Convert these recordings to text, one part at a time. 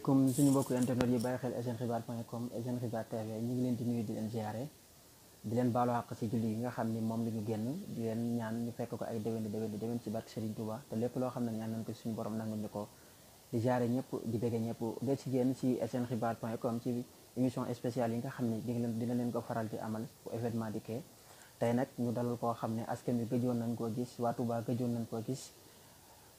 asalaamaaleykum suñu mbokk internet yi baye xel sn xibaar point com tv ñu ngi leen di nuyu di leen ziaré di leen balu ak ci julli yi nga xamni mom lañu genn di leen ñaan ñu fekk ko ay dewen dewen dewen ci barke Serigne Touba te lepp lo xamna ñaan nañ ko suñu borom nangu ñu ko di ziaré ñepp di bégé ñepp dee ci genn ci sn xibaar ci émission spéciale yi nga xamni ni di leen dina leen ko faral di amal bu événement di ké tay nak ñu dalal ko xamni askan bi gëjoon nañ ko gis wa Touba gëjoon nañ ko gis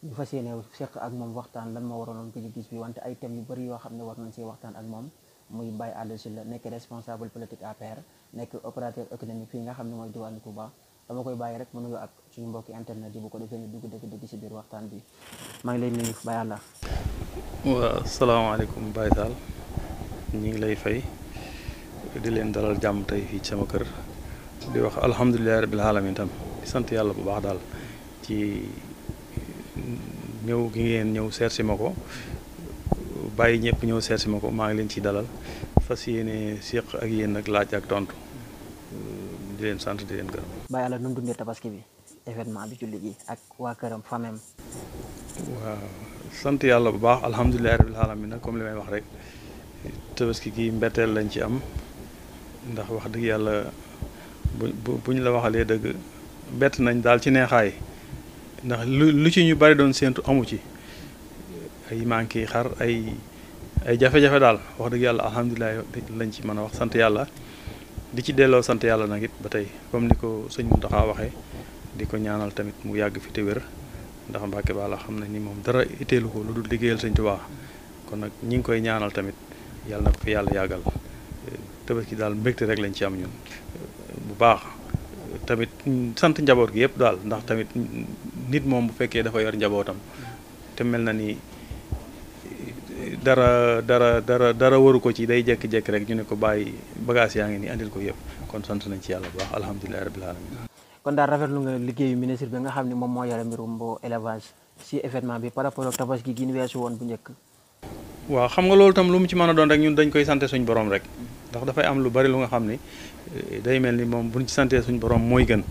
ñu fas yéene seq ak moom waxtaan lan moo waraloon gëj gis bi wante ay thèmes yu bëri yoo xam ne war nañ see waxtaan ak moom muy Baye Alla Sylla nekk responsable politique APR nekk opérateur économique fii nga xam ne mooy diwaanu Touba dama koy bàyyi rek mu nuyoo ak suñu mbokki internet yi bu ko defee ñu dugg dëgg dëgg si bi maa ngi lay nuyu Baye Alla. waaw salaamaaleykum Baye Tall ñu ngi lay fay di leen dalal jàmm tey fii ci sama kër di wax alhamdulilah rabil alamin tam sant yàlla bu baax daal ci. ñëw gi ngeen ñëw seet si ma ko bàyyi ñëpp ñëw seet si ma ko maa ngi leen ci dalal fas yéene séq ak yéen nag laaj ak tontu di leen sant di leen gërëm. bàyyi la nu mu dundee tabaski bi événement bi julli ji ak waa këram famem waaw sant yàlla bu baax alhamdulilah rabbil bi nag comme li may wax rek tabaski gi mbetteel lañ ci am ndax wax dëgg yàlla bu bu ñu la waxalee dëgg bett nañ daal ci neexaay. ndax lu lu ci ñu bari doon séentu amu ci ay manqué xar ay ay jafe-jafe daal wax dëgg yàlla alhamdulilah lañ ci mën a wax sant yàlla di ci delloo sant yàlla nag it ba tey comme ni ko sëñ Mountakha waxee di ko ñaanal tamit mu yàgg fi te wér ndax Mbàkke Bala xam na ni moom dara itteelu ko lu dul liggéeyal sëñ Tuubaa kon nag ñi ngi koy ñaanal tamit yàlla na ko fi yàlla yàggal tabaski daal mbégte rek lañ ci am ñun bu baax tamit sant njaboot gi yëpp daal ndax nit mom bu fekke dafa yor njabotam te melna ni dara dara dara dara waru ko ci day jek jek rek ñu ne ko bàyyi bagage yaa ngi ni andil ko yeb kon sant nañ ci yalla bu baax alhamdullilah rabbil alamin kon rafet lu nga liggéeyu ministre bi nga xamni mom mo yore bo élevage si événement bi par rapport ak tabas gi ñu wessu won bu njëkk wa xam nga lolou tam lu mu ci mëna doon rek ñun dañ koy sante suñu borom rek mm-hmm. ndax fay am lu bari lu nga xamni eh, day melni mom buñ ci sante suñu borom moy gën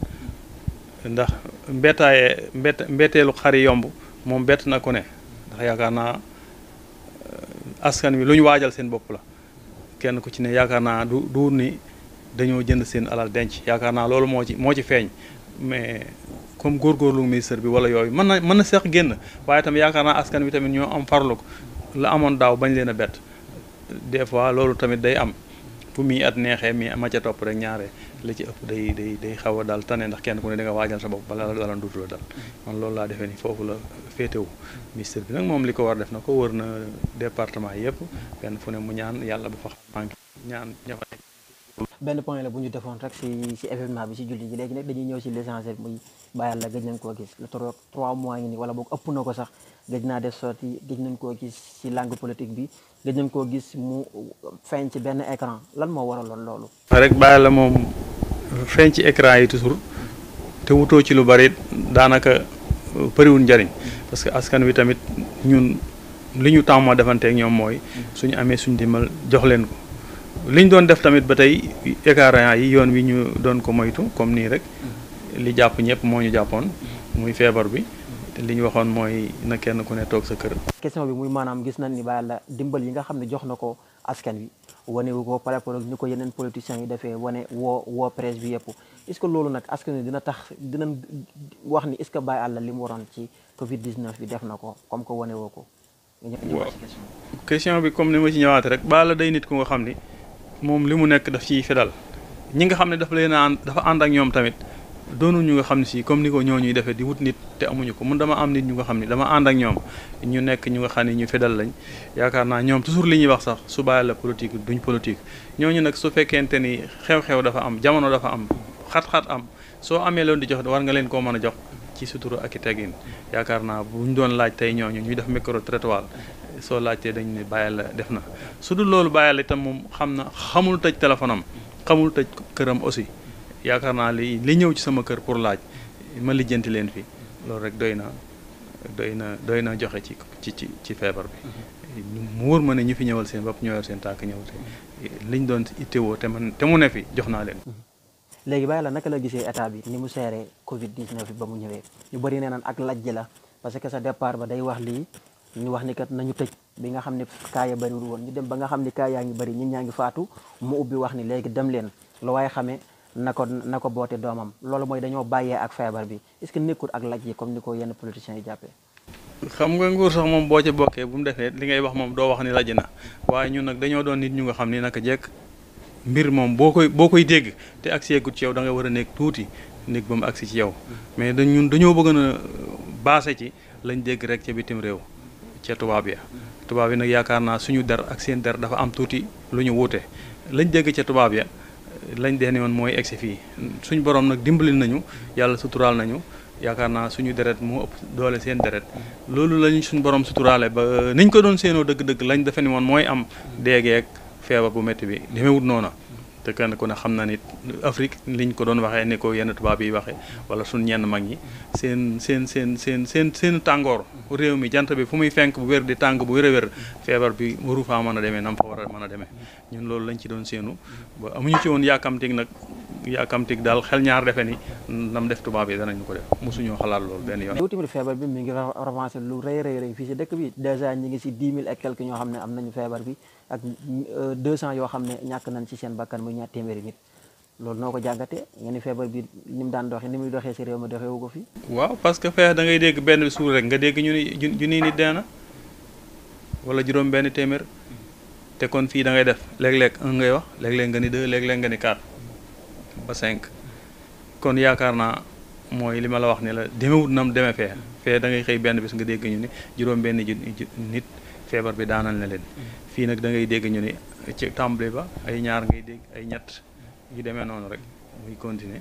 ndax mbettaayee mbett mbetteelu xar yomb moom bett na ko ne ndax yaakaar naa euh, askan wi lu ñu waajal seen bopp la kenn ku ci ne yaakaar naa du duur ni dañoo jënd seen alal denc yaakaar naa loolu moo ci moo ci feeñ mais comme góor góorgóorlu ministre bi wala yooyu mën na mën na seex génn waaye tamit yaakaar naa askan wi tamit ñoo am farlu la amoon daaw bañ leen a bett des fois loolu tamit day am fu muy at neexee mi ma ca topp rek ñaaree li ci ëpp day day day xaw a daal tane ndax kenn ku ne da nga waajal sa bopp bala la dalan duutu la dal man loolu laa defee ni foofu la féetewu ministre bi nag moom li ko war def na ko wër na département yëpp kenn fu ne mu ñaan yàlla bu fa manqué ñaan ña fa nekk benn point la bu ñu defoon rek si si événement bi si julli ji léegi nag dañuy ñëw si l'essentiel muy bàyyi la gëj nañ koo gis le trop trois mois ngi nii wala boog ëpp na ko sax gëj naa def sorti gëj nañ koo gis si langue politique bi gëj nañ koo gis mu feeñ ci benn écran lan moo waraloon loolu. rek bàyyi la moom feeñ ci écran yi toujours te wutoo ci lu bari daanaka përiwul euh, njariñ parce que askan wi tamit ñun li ñu tàmmoo defanteeg ñoom mooy suñu amee suñu dimbal jox leen ko. li ñu doon def tamit ba tey écart yi yoon wi ñu doon ko moytu comme nii rek mm-hmm. li jàpp ñëpp moo ñu jàppoon mm-hmm. muy feebar bi mm-hmm. te li ñu waxoon mooy na kenn ku ne toog sa kër. question bi muy maanaam gis nañ ni ba yàlla dimbal yi nga xam ne jox na ko askan wi wane wu ko par rapport ak ni ko yeneen politiciens yi defee wane woo woo presse bi yëpp ce que loolu nag askan wi dina tax dina wax ni est ce que Baye Alla li mu waroon ci Covid 19 bi def na ko comme que wane woo ko. waaw bi comme ni ma ci day nit ku nga xam ni. moom li mu nekk daf ciy fedal ñi nga xam ne dafa leen a dafa ànd ak ñoom tamit doonu ñu nga xam ne si comme ni ko ñoo ñuy defee di wut nit te amuñu ko mun dama am nit ñu nga xam ne dama ànd ak ñoom ñu nekk ñu nga xam ne ñu fedal lañ yaakaar naa ñoom toujours li ñuy wax sax su bàyyi la politique duñ politique ñooñu nag su fekkente ni xew-xew dafa am jamono dafa am xat-xat am soo amee loon di jox war nga leen koo mën a jox ci sutura ak i teggin yaakaar naa bu doon laaj tey ñooñu ñuy def micro soo laajtee dañu ne bàyyi la def na su dul loolu bàyyi la itam moom xam na xamul taj téléphone am xamul tëj këram aussi yaakaar naa li li ñëw ci sama kër pour laaj ma lijjanti leen fi loolu rek doy na doy na doy na joxe ci ci ci ci feebar bi mu wóor ma ne ñu fi ñëwal seen bopp ñëwal seen tànk ñëw seen liñ doon itteewoo te man te mu ne fi jox naa leen. léegi bàyyi la naka la gisee état bi ni mu seeree Covid 19 bi ba mu ñëwee ñu bari nee naan ak lajj la parce que ñu wax ni kat nañu tëj bi nga xam ne kaa ya bëriwul woon ñu dem ba nga xam ne kaa yaa ngi bëri ñun ñaa ngi faatu mu ubbi wax ni léegi dem leen lu waaye xamee na ko na ko boote doomam loolu mooy dañoo bàyyee ak feebar bi est-ce que nekkul ak laj yi comme ni ko yenn politiciens yi jàppee xam nga nguur sax moom boo ci bokkee bu mu defee li ngay wax moom doo wax ni laj na waaye ñun nag dañoo doon nit ñu nga xam ni naka jekk mbir moom boo koy boo koy dégg te agsi yegut ci yow da nga war a nekk tuuti nekk ba mu agsi ci yow mm. mais dañ ñun dañoo bëgg na baase ci lañ dégg rek ca bitim réew ca tubaab ya tubaab yi nag yaakaar naa suñu der ak seen der dafa am tuuti lu ñu wute lañ dégg ca tubaab ya lañ deene woon mooy egg egsi fii suñ borom nag dimbali nañu yàlla suturaal nañu yaakaar naa suñu deret moo ëpp doole seen deret loolu lañu suñ borom suturaale ba niñ ko doon seenoo dëgg-dëgg lañ defe ni woon mooy am déegeeg feebar bu métti bi demewut noona te kenn ku xam na nit Afrique liñ ko doon waxee ni ko yenn tubaab yi waxee wala suñ ñenn mag ñi seen seen seen seen seen seen tàngoor réew mi jant bi fu muy fenk bu wér di tàng bu wér a feebar bi waru faa mën a demee nam fa war a mën a demee ñun loolu lañ ci doon séenu ba amuñu ci woon yaakamtig nag yaakamtig daal xel ñaar defe ni nam def tubaab yi danañu ko def mosuñoo xalaat loolu benn yoon. yow ngi ravancé lu rëy rëy fii si dëkk bi dèjà ñi ngi si dix ak 200 euh, yoo xam ne ñàkk nañ ci seen bakkan muy ñaar téeméeri nit loolu noo ko jàngatee nga ni feebar bi ni mu daan doxee ni muy doxee si réew ma doxewu ko fi. waaw parce que feex da dégg benn suur rek nga dégg ñu ni ju nii ni dee na juróom benn téeméer te kon fii da ngay def léeg ngay wax léeg-léeg nga ni deux léeg-léeg nga ni quatre cinq kon yaakaar naa mooy li ma la wax ni la demewut nam deme fee fee xëy benn bis nga dégg ñu ni juróom benn nit feebar bi daanal na leen fii nag da ngay dégg ñu ne ci tàmbali ba ay ñaar ngay dégg ay ñett yu demee noonu rek muy continuer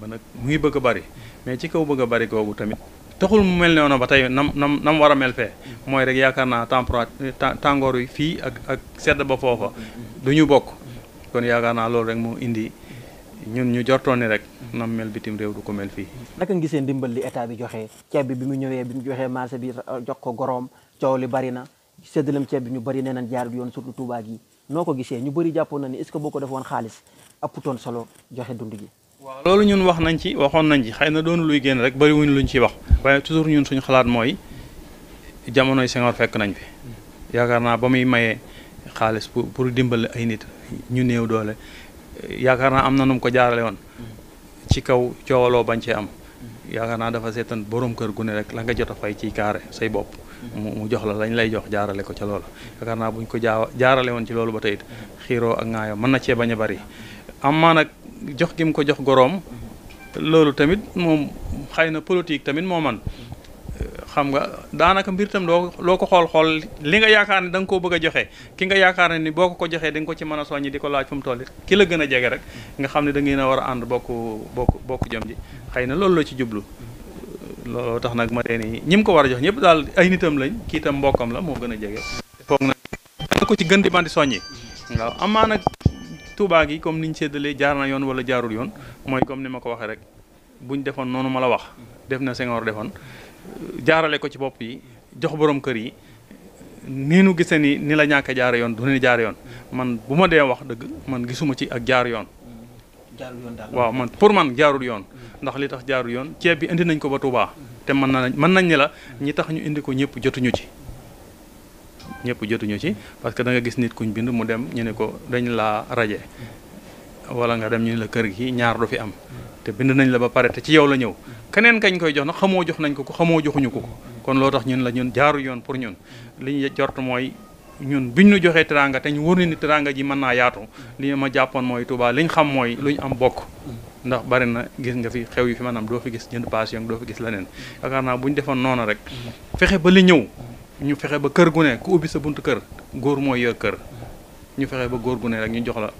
ba nag mu ngi bëgg bari mais ci kaw bëgg a bari kooku tamit taxul mu mel noonu ba tey nam nam nam war a mel fee mooy rek yaakaar naa température tàngoor yi fii ak ak sedd ba foofa du ñu bokk kon yaakaar naa loolu rek moo indi ñun ñu jortoon ni rek nam mel bitim réew du ko mel fii naka ngi seen dimbal li état bi joxe ceeb bi bi ñëwee bi mu jox ko goroom séddaleem ceeb bi ñu bari nee nañ jaarul yoon surtout Touba gi noo ko gisee ñu bëri jàppoon na ni est-ce que boo ko defoon xaalis apputoon solo joxe dund gi. waaw loolu ñun wax nañ ci waxoon nañ ci xëy na doonu luy génn rek bëri wuñ luñ ciy wax waaye toujours ñun suñu xalaat mooy jamonoy Senghor fekk nañ fi yaakaar naa ba muy maye xaalis pour pour dimbali ay nit ñu néew doole yaakaar naa am na nu ko jaarale woon ci kaw coowaloo bañ cee am yaakaar naa dafa seetaan borom kër gu ne rek la nga jot a fay ciy kaare say bopp. mu jox la lañ lay jox jaarale ko ca loola yaakaar naa buñ ko jaaw jaarale woon ci loolu ba tey xiiroo ak ŋaayoo mën na cee bañ a bari maa nag jox gi mu ko jox goroom loolu tamit moom xëy na politique tamit moo man xam nga daanaka mbir tam loo loo ko xool xool li nga yaakaar ne da nga koo bëgg a joxe ki nga yaakaar ne ni boo ko ko joxee da nga ko ci mën a soññi di ko laaj fu mu toll ki la gën a jege rek nga xam ne da ngeen a war a ànd bokk bokk bokk jom ji xëy na loolu la ci jublu looloo tax nag ma dee ni ñi ko war a jox ñëpp daal ay nitam lañ kiitam mbokkam la moo gën a jege foog na danga ko ci gën di bandi soññi waaw amaa nag Touba gi comme niñ séddalee jaar yoon wala jaarul yoon mooy comme ni ma ko waxee rek buñ defoon noonu ma la wax def na Senghor defoon jaarale ko ci bopp yi jox boroom kër yi nii nu gisee ni ni la ñàkk jaar yoon du ni jaar yoon man bu ma dee wax dëgg man gisuma ci ak jaar yoon. jaarul yoon waaw man pour man jaarul yoon. ndax li tax jaaru yoon ceeb bi indi nañ ko ba Touba te mën nañ mën nañ ne la ñi tax ñu indi ko ñëpp jotuñu ci ñëpp jotuñu ci parce que danga gis nit kuñ bind mu dem ñu ne ko dañ laa raje wala nga dem ñu la kër gi ñaar du fi am te bind nañ la ba pare te ci yow la ñëw keneen kañ koy jox na xamoo jox nañ ko ko xamoo joxuñu ko ko kon loo tax ñun la ñun jaaru yoon pour ñun li ñu jort mooy ñun bi ñu joxee teranga te ñu wóor ni teranga ji man naa yaatu li ma jàppoon mooy Touba liñ xam mooy luñ am bokk ndax bari na gis nga fi xew yi fi maanaam doo fi gis jënd passion doo fi gis leneen yaakaar naa bu ñu defoon noonu rek fexe ba li ñëw ñu fexe ba kër gu ne ku ubbi sa buntu kër góor mooy yor kër ñu fexe ba góor gu ne rek ñu jox la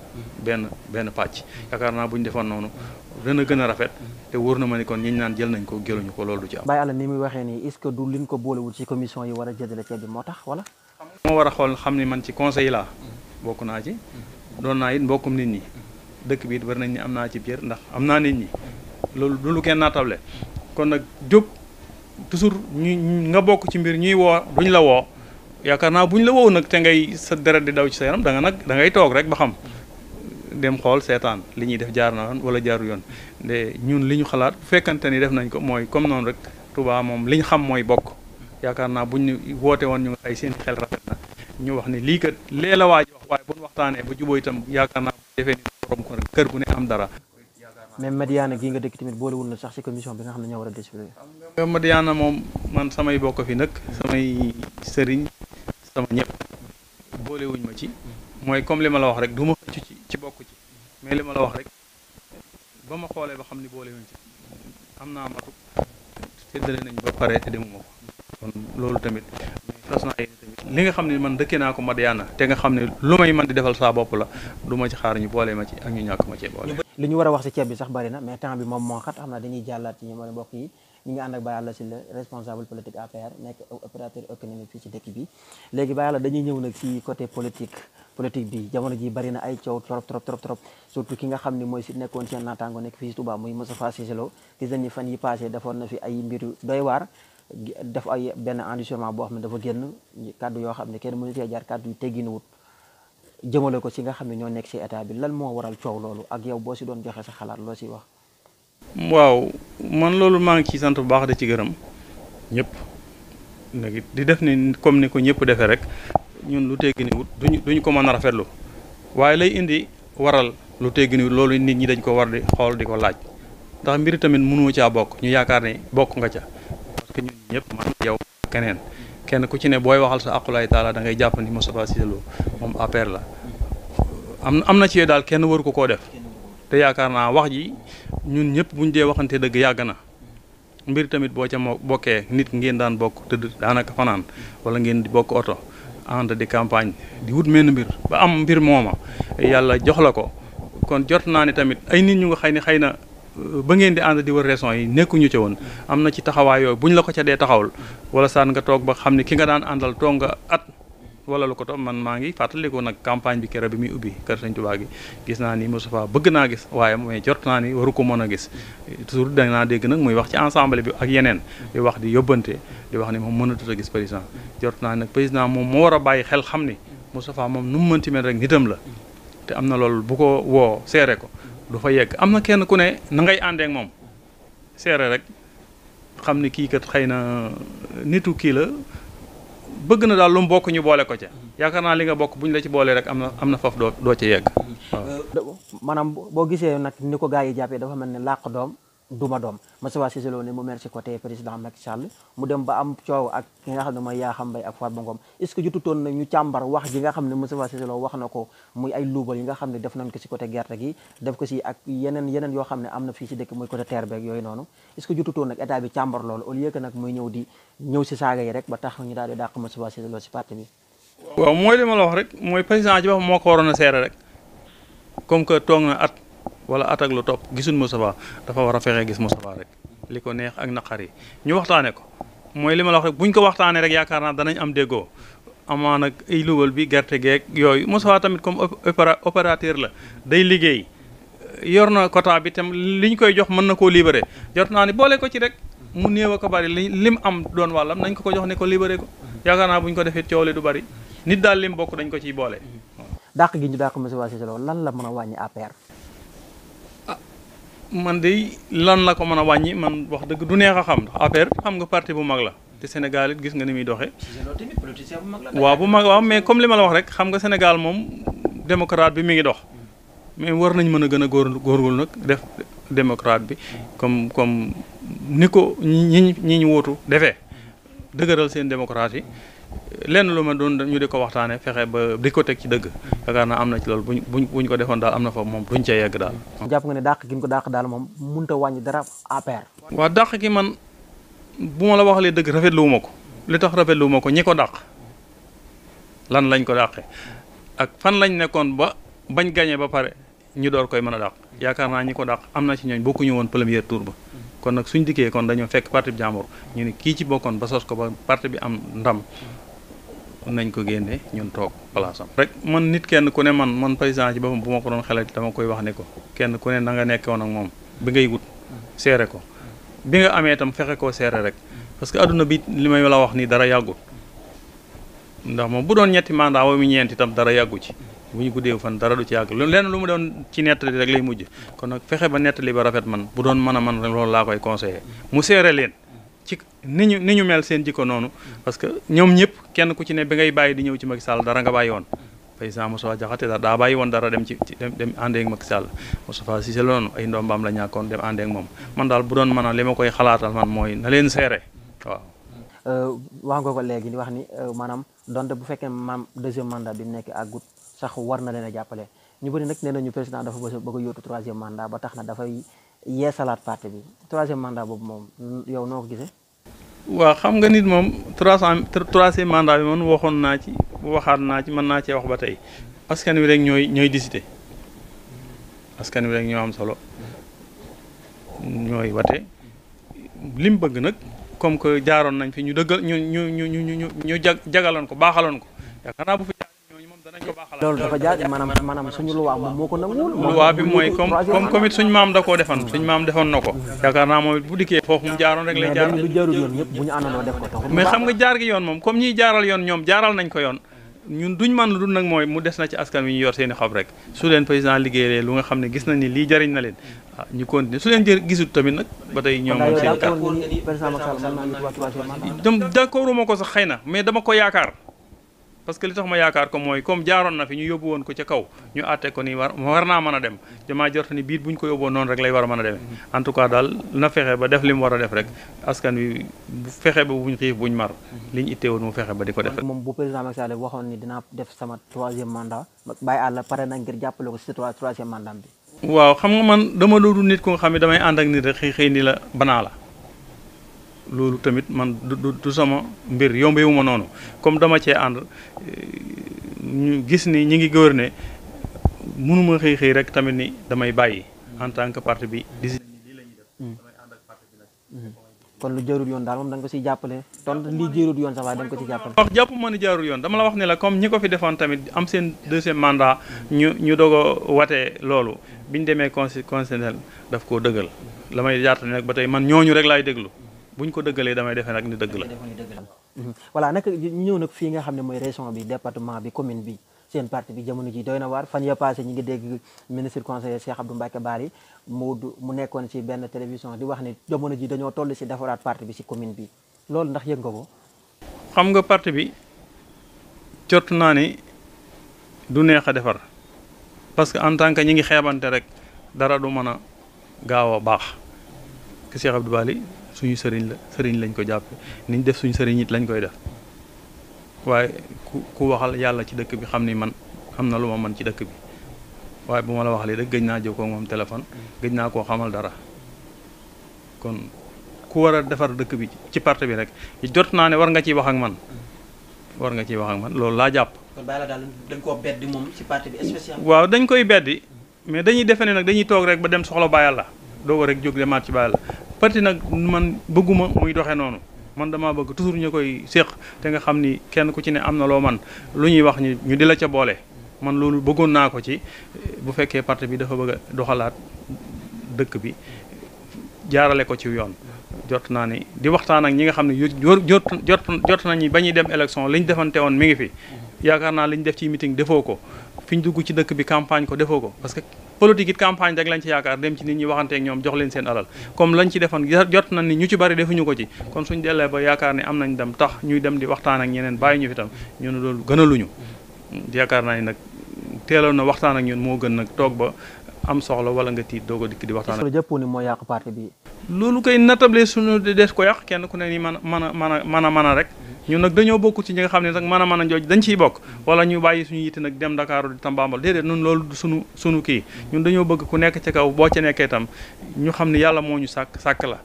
benn benn pàcc yaakaar naa bu ñu defoon noonu dana gën a rafet te wóor na ma ni kon ñi naan jël nañ ko jëluñu ko loolu du ci am. Baye Alla ni muy waxee nii est du liñ ko boolewul ci commission yi war a jëndale ceeb bi moo tax wala. mo wara xol xamni man ci conseil la bokku na ci doon na yit bokkum nit ñi dekk bi war nañ ni amna ci pierre ndax amna nit ñi lolu du lu kenn naatable kon nak jóg toujours nga bok ci mbir ñuy wo duñ la wo yaakaar buñ la wo nak te ngay sa dara di daw ci da nga nak da ngay tok rek ba xam dem xol setan, li ñuy def jaar na won wala jaaru yon de ñun li ñu xalaat bu fekkante ni def nañ ko moy comme non rek Touba mom li ñu xam moy bok yaakaar buñ wote won ñu ay seen xel rafet ñu wax ne lii kat lee la waaj wax waaye bu nu waxtaanee ba jubóo itam yaakaar naa defee ni borom ko kër gu ne am dara. mais Madiana gii nga dëkk tamit boolewul na sax ci commission bi nga xam ne ñoo war a décider. xam nga Madiana moom man samay bokk fi nag samay sëriñ sama ñëpp boolewuñ ma ci mooy comme li ma la wax rek du ma xëcc ci ci bokk ci mais li ma la wax rek ba ma xoolee ba xam ni boolewuñ ci am naa matu séddale nañ ba pare te demuma ko. kon loolu tamit li nga xam ne man dëkkee naa ko Madiyana te nga xam ne lu may man di defal saa bopp la du ma ci xaar ñu boole ma ci ak ñu ñàkk ma ci boole li ñu war a wax si ceeb bi sax bari na mais temps bi moom moo xat xam naa dañuy jàllaat ci ñu mën a bokk yi ñu ngi ànd ak Baye Alla si le responsable politique APR nekk opérateur économique fii ci dëkk bi léegi Baye Alla dañuy ñëw nag ci côté politique politique bi jamono ji bari na ay coow trop trop trop trop ki nga xam ni mooy si nekkoon seen naataango nekk fii si Touba muy Moustapha Cissé Lo fi ay mbiru doy waar def ay benn enregistrement boo xam ne dafa génn kàddu yoo xam ne kenn mënu cee jaar kàddu yu tegginu wut jëmale ko si nga xam ne ñoo nekk ci état bi lan moo waral coow loolu ak yow boo ci doon joxe sa xalaat loo ciy wax. waaw man loolu maa ngi ciy sant bu baax de ci gërëm ñëpp nag di def ni comme ni ko ñëpp defee rek ñun lu tegginu wut duñu ko mën a rafetlu waaye lay indi waral lu tegginu wut loolu nit ñi dañ ko war di xool di ko laaj ndax mbir tamit mënoo caa bokk ñu yaakaar ne bokk nga ca. fekk ñun keneen kenn ku ci ne booy waxal sa aqulaay taala da ngay jàpp ni Moustapha Cissé Lo moom APR la am am na ci yooyu daal kenn waru ko koo def te yaakaar naa wax ji ñun ñëpp buñ dee waxante dëgg yàgg na mbir tamit boo ca moo bokkee nit ngeen daan bokk tëdd daanaka fanaan wala ngeen di bokk oto ànd di campagne di wut menn mbir ba am mbir mooma yàlla jox la ko kon jot naa ne tamit ay nit ñu nga xëy ne ba ngeen di ànd di wër raison yi nekkuñu ca woon am na ci taxawaay yooyu bu ñu la ko ca dee taxawul wala saan nga toog ba xam ne ki nga daan àndal toog nga at wala lu ko toog man maa ngi fàttaliku nag campagne bi kere bi muy ubbi kër Sëñ Tuubaa gi gis naa ni Moustapha bëgg naa gis waaye mooy jot a toujours danaa dégg nag muy wax ci ensemble bi ak yeneen di wax di yóbbante di wax ni moom mënatut a gis président jot naa ni nag président moom moo war a bàyyi xel xam ni Moustapha te am na loolu bu ko woo seere ko du fa yegg am na kenn ku ne na ngay àndeek moom seere rek xam ni kii kat xëy na euh, nitu kii la bëgg na daal lu mu bokk ñu boole ko ca yaakaar naa li nga bokk bu ñu la ci boolee rek am na am na faf doo doo ca yegg. Euh, maanaam boo gisee nag ni ko gaa yi jàppee dafa mel ni làq doom. duma doom Moustapha Cissé Lo ne mu mer ci côté président Macky Sall mu dem ba am coow ak nga xam ne mooy Yakham Mbaye ak Farba Ngom ko muy ay nag état bi càmbar loolu au lieu nag muy ñëw di ñëw ci saaga yi rek ba tax ñu daal di dàq Moustapha Cissé Lo ci parti bi waaw mooy li wax rek mooy président ci moo ko waroon a seere rek comme que toog na at wala at ak lu topp gisuñ Moustapha dafa war a fexe gis Moustapha rek li ko neex ak naqar yi ñu waxtaane ko mooy li ma la wax rek buñ ko waxtaanee rek yaakaar naa danañ am déggoo amaan ak ay luwal bi gerte geeg yooyu Moustapha tamit comme opérateur la day liggéey yor na quota bi tam liñ koy jox mën na koo libéré jot naa ni boole ko ci rek mu néew a ko bari li lim am doon wàllam nañ ko ko jox ne ko libéré ko yaakaar naa bu ñu ko defee coow li du bari nit daal lim bokk dañ ko ciy boole. dàq gi ñu dàq Moustapha Cissé a man de lan la ko mën a wàññi man wax dëgg du neex a xam ndax affaire xam nga parti bu mag la te Sénégal gis nga ni muy doxee. waaw bu mag waaw mais comme li ma la wax rek xam nga Sénégal moom démocrate bi mi ngi dox. mais war nañ mën a gën a góor góorgóorlu nag def démocrate bi comme comme ni ko ñi ñi ñu wóotu defee dëgëral seen démocratie yi lenn lu ma doon ñu di ko waxtaanee fexe ba di ko teg ci dëgg yaakaar naa am na ci loolu buñ buñ buñ ko defoon daal am na fa moom duñ cee yegg daal. jàpp ko dàq daal moom mënut a wàññi dara APR. waa dàq gi man bu ma la waxalee dëgg rafetluwu ma ko li tax rafetluwu ma ko ñi ko dàq lan lañ ko dàqee ak fan lañ nekkoon ba bañ gañee ba pare ñu door koy mën a dàq yaakaar naa ñi ko dàq am na ci ñooñ bokkuñu woon premier tour ba. kon nag suñ dikkee kon dañoo fekk parti bi jàmbur ñu kii ci bokkoon ba sos ko ba parti bi am ndam nañ ko génne ñun toog palaasam rek man nit kenn ku ne man man paysan ci boppam bu ma ko doon xelal dama koy wax ne ko kenn ku ne na nga nekkoon ak moom bi ngay wut seere ko bi nga amee tam fexe ko seere rek parce que adduna bi li may la wax nii dara yàggut ndax moom bu doon ñetti mandat wa mi ñeent itam dara yàggu ci bu ñu guddee fan dara du ci yàgg lenn lu ma doon ci nettali rek lay mujj kon nag fexe ba nettali ba rafet man bu doon mën a man loolu laa koy conseillé mu seere leen ci ni ñu ni ñu mel seen jikko noonu mm. parce que ñoom ñëpp kenn ku ci ne ba ngay bàyyi di ñëw ci Macky Sall dara nga bàyyi woon président Moussa Diakhaté da daa bàyyi woon dara dem ci dem àndee ak Macky Sall la noonu ay dem àndee moom man daal bu doon mën a li ma koy xalaatal man mooy na leen seere waaw euh, wax nga ko léegi di wax ni euh, maanaam donte bu fekkee maam deuxième mandat bi mu nekk àggut sax war na leen a jàppale ñu bëri nag nee nañu président dafa bëgg a yóotu troisième mandat ba tax na dafay yeesalaat parti bi troisième mandat boobu moom yow noo ko gisee. waaw xam nga nit moom trois cent troisième mandat bi man waxoon naa ci waxaat naa ci mën naa cee wax ba tey askan wi rek ñooy ñooy décider askan wi rek ñoo am solo ñooy wate lim bëgg nag comme que jaaroon nañ fi ñu dëggal ñu ñu ñu ñu ñu ñu jagaloon ko baaxaloon ko yaakaar naa bu fi loolu dafa jaar maanaam maanaam suñu luwaa moom moo ko nanguwul. luwaa bi mooy comme comme comme it suñu maam da koo defan suñu maam defoon na ko. yaakaar naa moom it bu dikkee foofu jaaroon rek lay jaaral nañ ko yoon. ñun duñ man lu nag mooy mu des na ci askan wi ñu yor seen i rek su leen président liggéeyee lu nga xam ne gis nañ ni lii jëriñ na leen ah, ñu continuer su leen gisut tamit nag ba tey ñoom moom seen i kàddu. d' ko sax xëy na mais dama ko yaakaar parce que li tax ma yaakaar ko mooy comme jaaroon na fi ñu yóbbu woon ko ca kaw ñu àtte ko ni war naa mën a dem damaa jort ni biir bu ñu ko yóbboon noonu rek lay war a mën a demee en tout cas daal na fexe ba def li war a def rek askan wi bu fexe ba ñu xiif buñ mar li ñu itte woon mu fexe ba di ko def rek moom bu président Macky Sall waxoon ni dinaa def sama troisième mandat bàyyi àll pare na ngir jàppale ko si troisième mandat bi waaw xam nga man dama doodu xam ne damay ànd ak nit rek xëy la loolu tamit man du sama mbir yombewu ma noonu comme dama cee ànd eh, ñu gis ni ñi ngi gouverner mënuma xëy xëy rek tamit ni damay bàyyi en tant que parti bi di hmm. hmm. kon lu jaarul yoon daal moom da nga ko ciy jàppale ton lii jaarul yoon sax waaye da nga ko ciy jàppale wax jàpp ma ni jaarul yoon dama la wax ne la comme ñi ko fi defoon tamit am seen deuxième mandat hmm. ñu ñu doog a watee loolu bi ñu demee constitutionnel daf koo dëgël la may jàttale nag ba tey man ñooñu rek laay déglu buñ ko dëggalee damay defee nag ni dëgg la mhm. voilà nag ñëw nag fii nga xam ne mooy région bi département bi commune bi seen parti bi jamono ji doy na waar fan ya passé ñi ngi dégg ministre conseiller Cheikh Abdou Mbacké Bari mu mu nekkoon si benn télévision di wax ni jamono ji dañoo toll si defaraat parti bi ci commune bi loolu ndax yëg nga ko xam nga parti bi jot naa ni du neex a defar parce que en tant que ñi ngi xeebante rek dara du mën a gaaw a baax ki Cheikh Bali suñu sëriñ la sëriñ lañ ko jàppe niñ def suñu sëriñ it lañ koy def waaye ku ku waxal yàlla ci dëkk bi xam ni man am na lu ma man ci dëkk bi waaye bu ma la waxalee rek gëj naa jokkoo ak moom téléphone gëj naa koo xamal dara kon ku war defar dëkk bi ci parti bi rek jot naa ne war nga ciy wax ak man war nga ciy wax ak man loolu laa jàpp. la daal waaw dañ koy beddi mais dañuy defe ne nag dañuy toog rek ba dem soxla bàyyi la doo ko rek jóg demaat ci bàyyi la parti nag man bëgguma muy doxee noonu man damaa bëgg toujours ñu koy séq te nga xam ni kenn ku ci ne am na loo man lu ñuy wax ñu ñu di la ca boole man loolu bëggoon naa ko ci bu fekkee parti bi dafa bëgg a doxalaat dëkk bi jaarale ko ci yoon jot naa ni di waxtaan ak ñi nga xam ne jot jot na nañu ba ñuy dem élection li ñu defante woon mi ngi fi yaakaar naa li ñu def ci meeting defoo ko fi ñu dugg ci dëkk bi campagne ko defoo ko politique it campagne rek lañ ci yaakaar dem ci nit ñi waxanteek ñoom jox leen seen alal comme lañ ci defoon jot nañ ni ñu ci bari defuñu ko ci kon suñ dellee ba yaakaar ne am nañ dem tax ñuy dem di waxtaan ak ñeneen bàyyi ñu fi tam ñu ne loolu gënaluñu yaakaar naa ni nag teeloon na waxtaan ak ñun moo gën nag toog ba am soxla wala nga tiit doog a dikk di waxtaan. loolu jàppoon ne moo yàq parti bi. loolu koy natable suñu des ko yàq kenn ku ne nii man man a man a man rek ñun nag dañoo bokk ci ñi nga xam ne nag man a a njooj dañ ciy bokk wala ñu bàyyi suñu yitte nag dem Dakar di Tambambal déedéet ñun loolu suñu suñu kii ñun dañoo bëgg ku nekk ca kaw boo ca nekkee tam ñu xam ne yàlla moo ñu sàkk sàkk la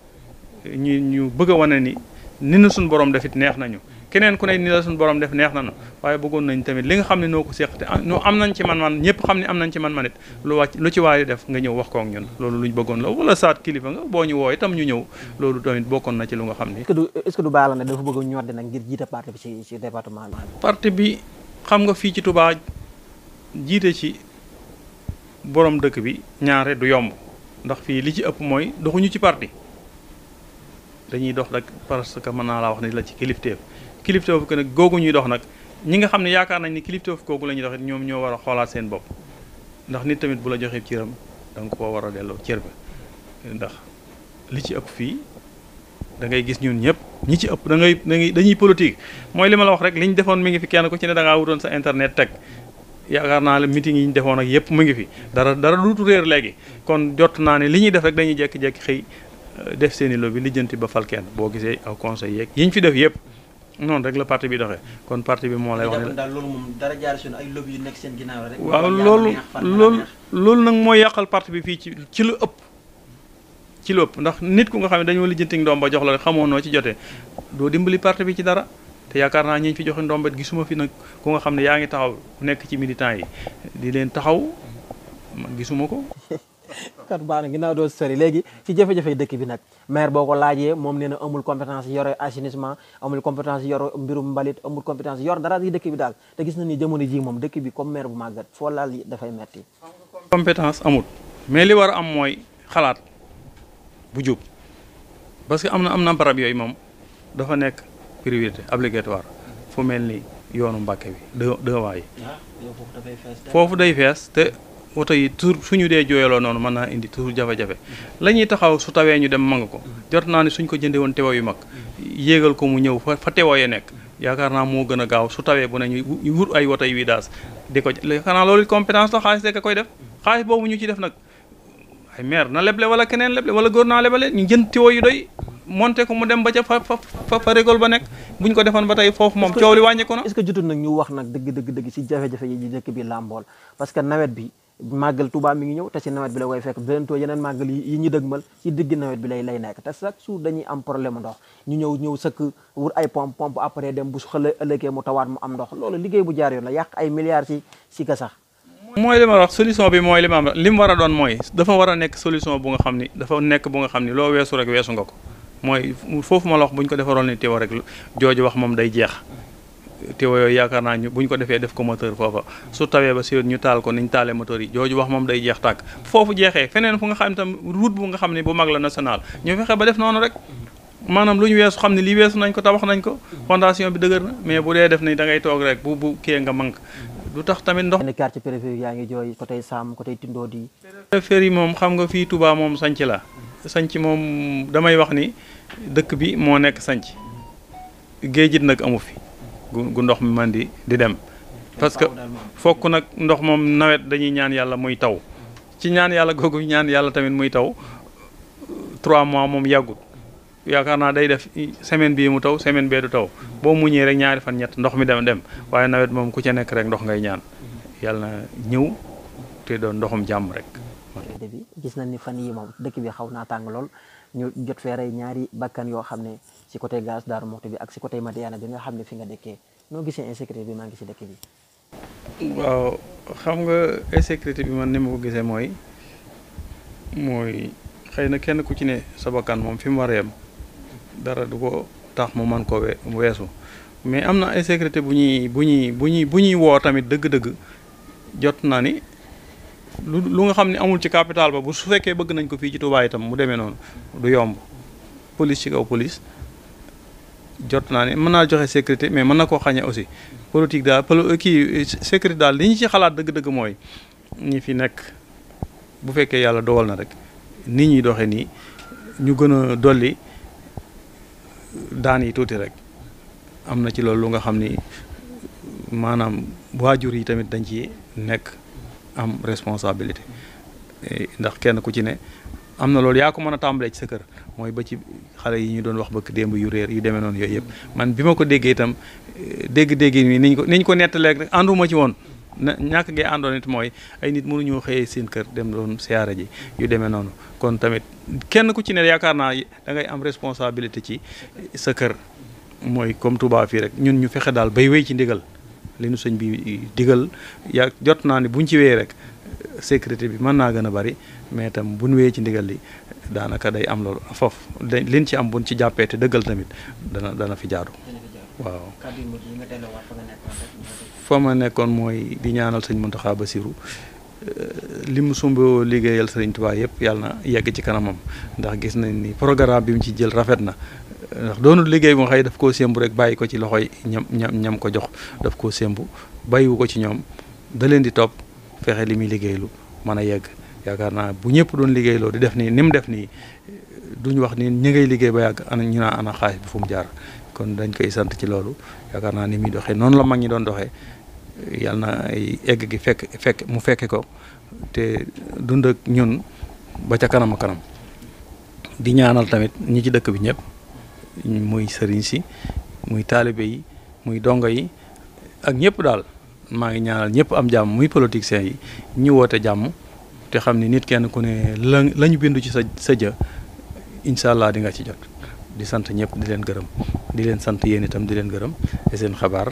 ñu ñu bëgg a wane ni ni na suñu borom it neex nañu keneen ku ne ni la suñu borom def neex na nu waaye bëggoon nañ tamit li nga xam ne noo ko séq te nu am nañ ci man-man ñëpp xam ne am nañ ci man-man it lu wàcc lu ci waaye def nga ñëw wax kook ñun loolu luñ bëggoon la wala saat kilifa nga boo ñu woo itam ñu ñëw loolu tamit bokkoon na ci lu nga xam ni est-ce que du baax la ne dafa bëgg ñoddi nag ngir jiite parti bi ci ci bi xam nga fii ci Touba jiite ci borom dëkk bi ñaare du yomb ndax fii li ci ëpp mooy doxuñu ci parti dañuy dox rek parce que mën naa laa wax ni la ci kilifteef kilifteef ko nag googu ñuy dox nag ñi nga xam ne yaakaar nañ ni kilifteef kooku lañuy ñuy dox ñoom ñoo war a xoolaat seen bopp ndax nit tamit bu la joxee ci da nga koo war a delloo cër bi ndax li ci ëpp fii dangay gis ñun ñëpp ñi ci ëpp da ngay dañuy politique mooy li ma la wax rek li ñu defoon mi ngi fi kenn ku ci ne da ngaa wutoon sa internet teg yaakaar naa la meeting yi ñu defoon ak yëpp mu ngi fi dara dara duutu réer léegi kon jot naa ne li ñuy def rek dañuy jekki xëy euh, def seen i lobby lijjanti ba fal kenn boo gisee aw conseil yeeg yi ñu fi def yëpp noonu rek la parti bi doxe kon parti bi moo lay wax ne loolu moom dara jaar suñu ay lobby yu nekk seen ginnaaw rek waaw loolu loolu loolu nag mooy yàqal parti bi fii ci ci lu ëpp ci lu ëpp ndax nit ku nga xam ne dañoo lijjanti ndomba jox la rek xamoo noo ci jotee doo dimbali parti bi ci dara te yaakaar naa ñi fi joxe ndomba gisuma fi nag ku nga xam ne yaa ngi taxaw ku nekk ci militant yi di leen taxaw gisuma ko kon baax na ginnaaw doo sori léegi ci jafe-jafe dëkk bi nag maire boo ko laajee moom nee na amul compétence yore assainissement amul compétence yore mbirum mbalit amul compétence yor dara yi dëkk bi daal te gis na ni jamono ji moom dëkk bi comme maire bu màggat foo laal dafay metti compétence amul mais li war a am mooy xalaat bu jub parce que am na am na barab yooyu moom dafa nekk priorité obligatoire fu mel ni yoonu Mbàkke bi deux deux ah, foofu day fees te woto yi tur suñu dee jooyaloo noonu mën naa indi tur jafe-jafe la ñuy taxaw su tawee ñu dem mang ko jot naa ne suñ ko jëndee woon teewa yu mag yéegal ko mu ñëw fa fa teewa nekk yaakaar naa moo gën a gaaw su tawee bu ne ñu wut ay woto yi wii daas xanaa loolu compétence la xaalis rek koy def xaalis boobu ñu ci def nag ay maire na leble wala keneen leble wala góor naa lebale ñu jënd teewa yu doy monté ko mu dem ba ca fa fa fa régol ba nekk bu ñu ko defoon ba tey foofu moom ñu wax nag dëgg dëgg dëgg ci jafe-jafe yi dëkk bi làmbool parce que nawet bi màggal Touba mi ngi ñëw te ci nawet bi la koy fekk bientôt yeneen màggal yi ñu dëgmal ci digg nawet bi lay lay nekk te chaque jour dañuy am problème ndox ñu ñëw ñëw sëkk wut ay pompe pompe après dem bu xëla ëllëgee mu tawaat mu am ndox loolu liggéey bu jaar yoon la yàq ay milliards si ci ka sax mooy li ma wax solution bi mooy li ma am li mu war a doon mooy dafa war a nekk solution bu nga xam ni dafa nekk bu nga xam ni loo weesu rek weesu nga ko mooy foofu ma la wax ñu ko defaroon ni rek jooju wax moom day jeex tiwo yooyu yaakaar naa ñu bu ñu ko defee def ko moteur foofa su tawee ba si ñu taal ko niñ taalee moteur yi jooju wax moom day jeex tàkk foofu jeexee feneen fu nga xam tam ne bu mag la national ñu fexe ba def noonu rek ko tabax nañ ko fondation bi dëgër na mais bu dee da ngay toog rek bu bu kee nga manque du tax tamit ndox ne quartier périphérique yaa ngi jooy côté Sam côté Tindodi périphérie moom xam nga fii Touba moom sanc la sanc moom damay wax ni dëkk bi moo nekk sanc géejit nag amu fi gu gu ndox mi man di di dem parce que fokk nag ndox moom nawet dañuy ñaan yàlla muy taw ci ñaan yàlla googu ñaan yàlla tamit muy taw trois mois moom yàggut yaakaar naa day def semaine bii mu taw semaine bee du taw boo muñee rek ñaari fan ñett ndox mi dem dem waaye nawet moom ku ci nekk rek ndox ngay ñaan yàlla na ñëw te doon ndoxum jàmm rek gis ci côté gaz Daaru Muxti bi ak si côté Madiana bi nga xam ne fi nga dëkkee noo gisee insécurité bi maa nga insécurité bi man ni ma ko gisee mooy mooy xëy na kenn ku ci ne sa bakkan moom fi mu war a dara du ko tax mu man ko weesu mais am na insécurité bu ñuy bu ñuy bu ñuy bu ñuy woo tamit dëgg-dëgg jot naa ni lu lu nga xam ne amul ci capital ba bu su fekkee bëgg nañ ko fii ci Touba itam mu demee noonu du yomb police ci kaw police jot naa ne mën naa joxe sécurité mais mën na koo xañe aussi politique daal euh, kii euh, sécurité daal li ñu ci xalaat dëgg-dëgg mooy ñi fi nekk bu fekkee yàlla dowal na rek nit ñuy doxee nii ñu gën a dolli daan yi tuuti rek am na ci loolu lu nga xam ni maanaam waajur yi tamit dañ ci nekk am responsabilité eh, ndax kenn ku ci ne am na loolu yaa ko mën a tàmbalee ci sa kër mooy ba ci xale yi ñu doon wax bëgg démb yu réer yu demee noonu yooyu yëpp man bi ma ko déggee itam eh, dégg-dégg yi niñ ko niñ ko nettalee rek ànduma ci woon na ñàkk ngay àndoon it mooy ay nit mënuñoo xëyee seen kër dem doon siyaare ji yu demee noonu kon tamit kenn ku ci ne yaakaar naa da ngay am responsabilité ci sa kër mooy comme Touba fii rek ñun ñu fexe daal bay wéy ci ndigal li nu sëñ bi digal yaa jot naa ne buñ ci wéyee rek eh, sécurité bi mën naa gën a bari mais itam bu ñu wéyee ci ndigal li daanaka day am loolu foofu day liñ ci am buñ ci jàppee te dëggal tamit dana dana fi jaadu. waaw fa ma nekkoon mooy di ñaanal sëñ Mountakha Bassirou li mu sumboo liggéeyal sëriñ Tuubaa yëpp yàlla na yegg ci kanamam ndax gis nañ ni programme bi mu ci jël rafet na ndax doonul liggéey bu nga xëy daf koo sembu rek bàyyi ko ci loxo ñam ñam ñam ko jox daf koo sémbu bàyyiwu ko ci ñoom da leen di topp fexe li muy liggéeylu mën a yegg yaakaar naa bu ñëpp doon liggéey loolu di def nii ni mu def nii duñ wax ni ñu ngay liggéey ba yàgg ana ñu naa ana xaalis bi fu mu jaar kon dañ koy sant ci loolu yaakaar naa ni muy doxee noonu la mag ñi doon doxee yàlla na ay egg gi fekk fekk mu fekke ko te dund ak ñun ba ca kanam kanam di ñaanal tamit ñi ci dëkk bi ñëpp muy sëriñ si muy taalibe yi muy dongo yi ak ñëpp daal maa ngi ñaanal ñëpp am jàmm muy politiciens yi ñu woote jàmm te xam ni nit kenn ku ne la la ñu bindu ci sa sa jë incha allah di nga ci jot di sant ñëpp di leen gërëm di leen sant yéen itam di leen gërëm di seen xabaar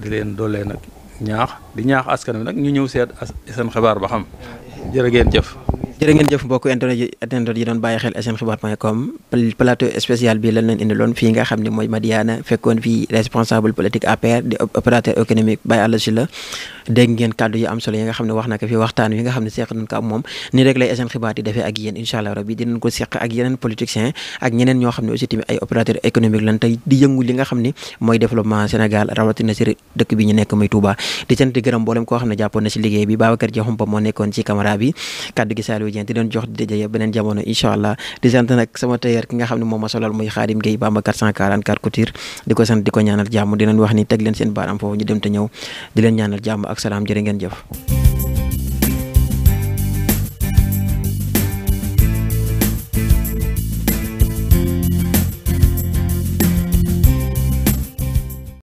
di leen doolee nag ñaax di ñaax askan wi nag ñu ñëw seet seen xabaar ba xam jërë ngeen jëf. jërë ngeen jëf mbokk internet yi doon bàyyi xel seen xibaar point com plateau spécial bi lañ leen indiloon fii nga xam ne mooy Madiana fekkoon fi responsable politique APR di opérateur économique Baye Alla Sylla dégg ngeen kàddu yu am solo yi nga xam ne wax na ko fi waxtaan wi nga xam ne seq nañ ko am moom ni rek lay seen xibaar yi defee ak yéen incha allah rabbi dinañ ko seq ak yeneen politiciens ak ñeneen ñoo xam ne aussi tamit ay opérateur économique lañ nga xam ne mooy développement Sénégal rawatina si dëkk bi ñu nekk muy Touba di sant di gërëm état bi kaddu gi Saliou Dieng di leen jox di daje beneen jamono incha allah di sant nag sama tailleur ki nga xam ne moom ma solal muy Xaadim Gueye Bamba 444 Couture di ko sant di ko ñaanal jàmm di wax ni teg leen seen baaraam foofu ñu dem te ñëw di ñaanal jàmm ak salaam jërë ngeen